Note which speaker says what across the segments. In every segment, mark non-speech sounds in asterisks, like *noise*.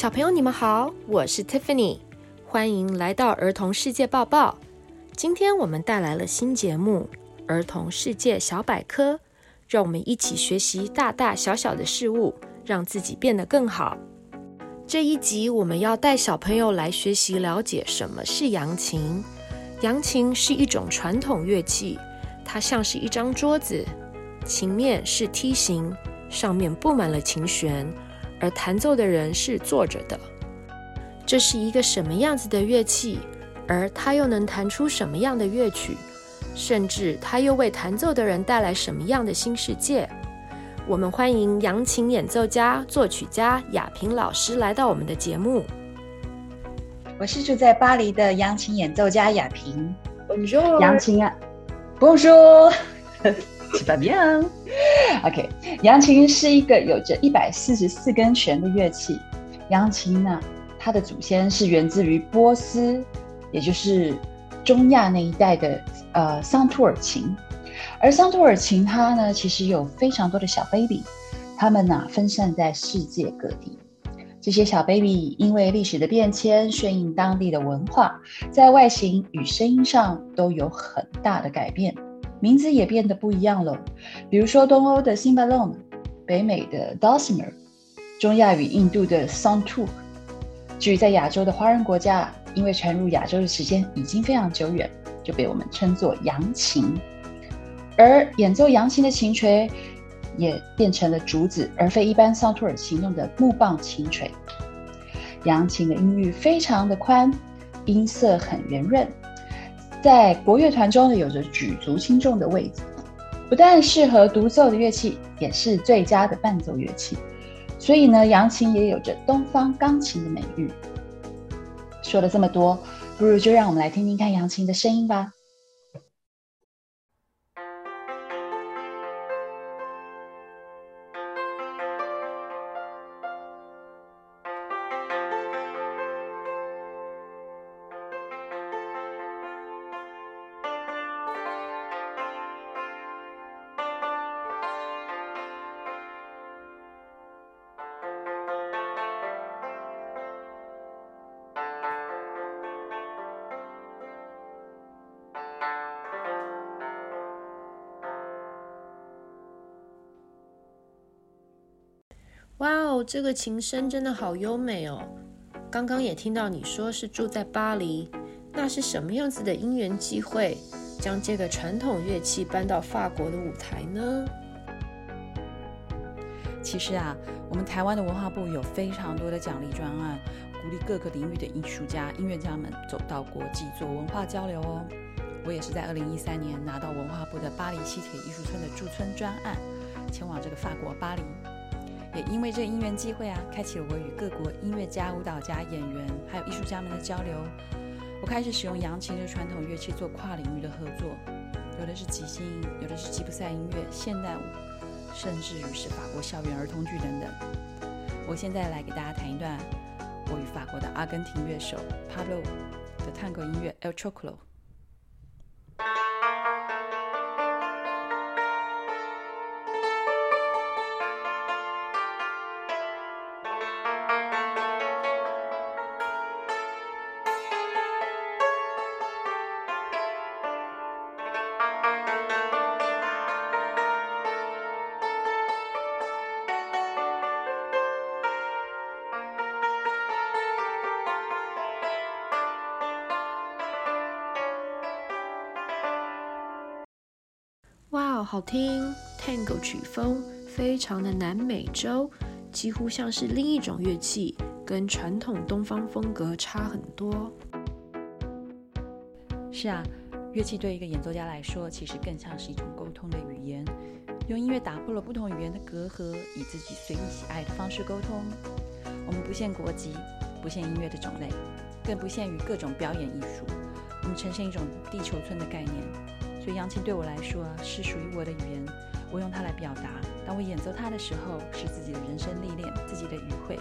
Speaker 1: 小朋友，你們好，我是 Tiffany，歡迎來到兒童世界報報。今天我們帶來了新節目《兒童世界小百科》，讓我們一起學習大大小小的事物，讓自己變得更好。這一集我們要帶小朋友來學習了解什麼是揚琴。揚琴是一種傳統樂器，它像是一張桌子，琴面是梯形，上面布滿了琴弦。而彈奏的人是坐着的，這是一個什麼樣子的樂器？而它又能彈出什麼樣的樂曲？甚至它又為彈奏的人帶來什麼樣的新世界？我們歡迎揚琴演奏家、作曲家雅平老師來到我們的節目。我是住在巴黎的揚琴演奏家雅平，你說揚琴啊，不
Speaker 2: 用說。 *laughs* 是吧， *noise* *noise* okay, 楊？OK，揚琴是一個有着一百四十四根弦的樂器。揚琴呢，它的祖先是源自於波斯，也就是中亞那一帶的呃桑圖爾琴。而桑圖爾琴它呢，其實有非常多的小 baby，它們呢分散在世界各地。這些小 baby 因為歷史的變遷，順應當地的文化，在外形與聲音上都有很大的改變。名字也變得不一樣了，比如說東歐的 cimbalom，北美的 dulcimer，中亞與印度的 Santoor。至於在亞洲的華人國家，因為傳入亞洲的時間已經非常久遠，就被我們稱作揚琴。而演奏揚琴的琴錘也變成了竹子，而非一般桑圖爾琴用的木棒琴錘。揚琴的音域非常的寬，音色很圓潤。在國樂團中呢，有着舉足輕重的位置，不但適合獨奏的樂器，也是最佳的伴奏樂器，所以呢，揚琴也有着東方鋼琴的美譽。說了這麼多，不如就讓我們來聽聽看揚琴的聲音吧。
Speaker 1: 這個琴聲真的好優美哦！剛剛也聽到你說是住在巴黎，那是什麼樣子的因緣際會，將這個傳統樂器搬到法國的舞台呢？其實啊，
Speaker 2: 我們台灣的文化部有非常多的獎勵專案，鼓勵各個領域的藝術家、音樂家們走到國際做文化交流哦。我也是在二零一三年拿到文化部的巴黎西帖藝術村的駐村專案，前往這個法國巴黎。也因為這個因緣機會啊，開啟了我與各國音樂家、舞蹈家、演員，還有藝術家們的交流。我開始使用揚琴的傳統樂器做跨領域的合作，有的是即興，有的是吉普賽音樂、現代舞，甚至於是法國校園兒童劇等等。我現在來給大家彈一段我與法國的阿根廷樂手 Pablo 的探戈音樂 El Choclo。
Speaker 1: 好，好聽，Tango 曲風非常的南美洲，幾乎像是另一種樂器，跟傳統東方風格差很多。是啊，樂器對一個演奏家來說，其實
Speaker 2: 更像是一種溝通的語言，用音樂打破了不同語言的隔閡，以自己隨意喜愛的方式溝通。我們不限國籍，不限音樂的種類，更不限於各種表演藝術，我們呈現一種地球村的概念。所以，揚琴對我來說是屬於我的語言，我用它來表達。當我演奏它的時候，是自己的人生歷練、自己的語彙，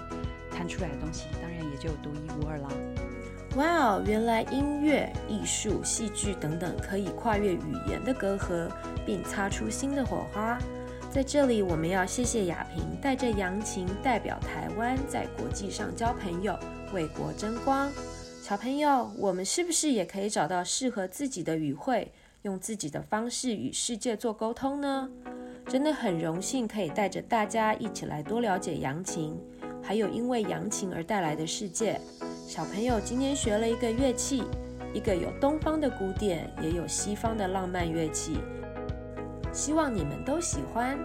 Speaker 2: 彈出來的東西當然也就獨一無二了。
Speaker 1: 哇哦！原來音樂、藝術、戲劇等等可以跨越語言的隔閡，並擦出新的火花。在這裡，我們要謝謝雅平，帶着揚琴代表台灣在國際上交朋友，為國爭光。小朋友，我們是不是也可以找到適合自己的語彙，用自己的方式與世界做溝通呢？真的很榮幸可以帶着大家一起來多了解揚琴，還有因為揚琴而帶來的世界。小朋友今天學了一個樂器，一個有東方的古典，也有西方的浪漫樂器。希望你們都喜歡！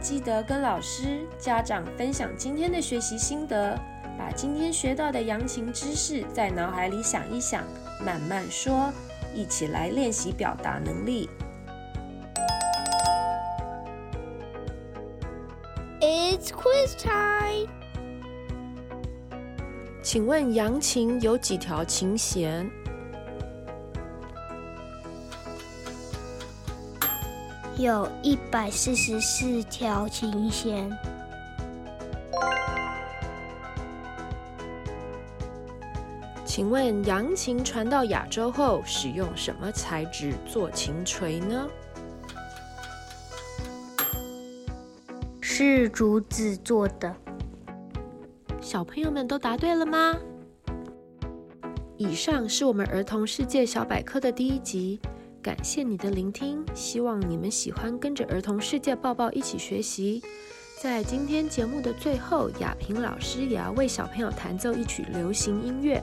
Speaker 1: 記得跟老師、家長分享今天的學習心得，把今天學到的揚琴知識在腦海裡想一想，慢慢說，一起來練習表達能力。It's quiz time。請問揚琴有幾條琴弦？有一百四十四條琴弦。請問，揚琴傳到亞洲後，使用什麼材質做琴錘呢？是竹子做的。小朋友們都答對了嗎？以上是我們兒童世界小百科的第一集。感謝你的聆聽，希望你們喜歡跟着兒童世界報報一起學習。在今天節目的最後，雅平老師也要為小朋友彈奏一曲流行音樂。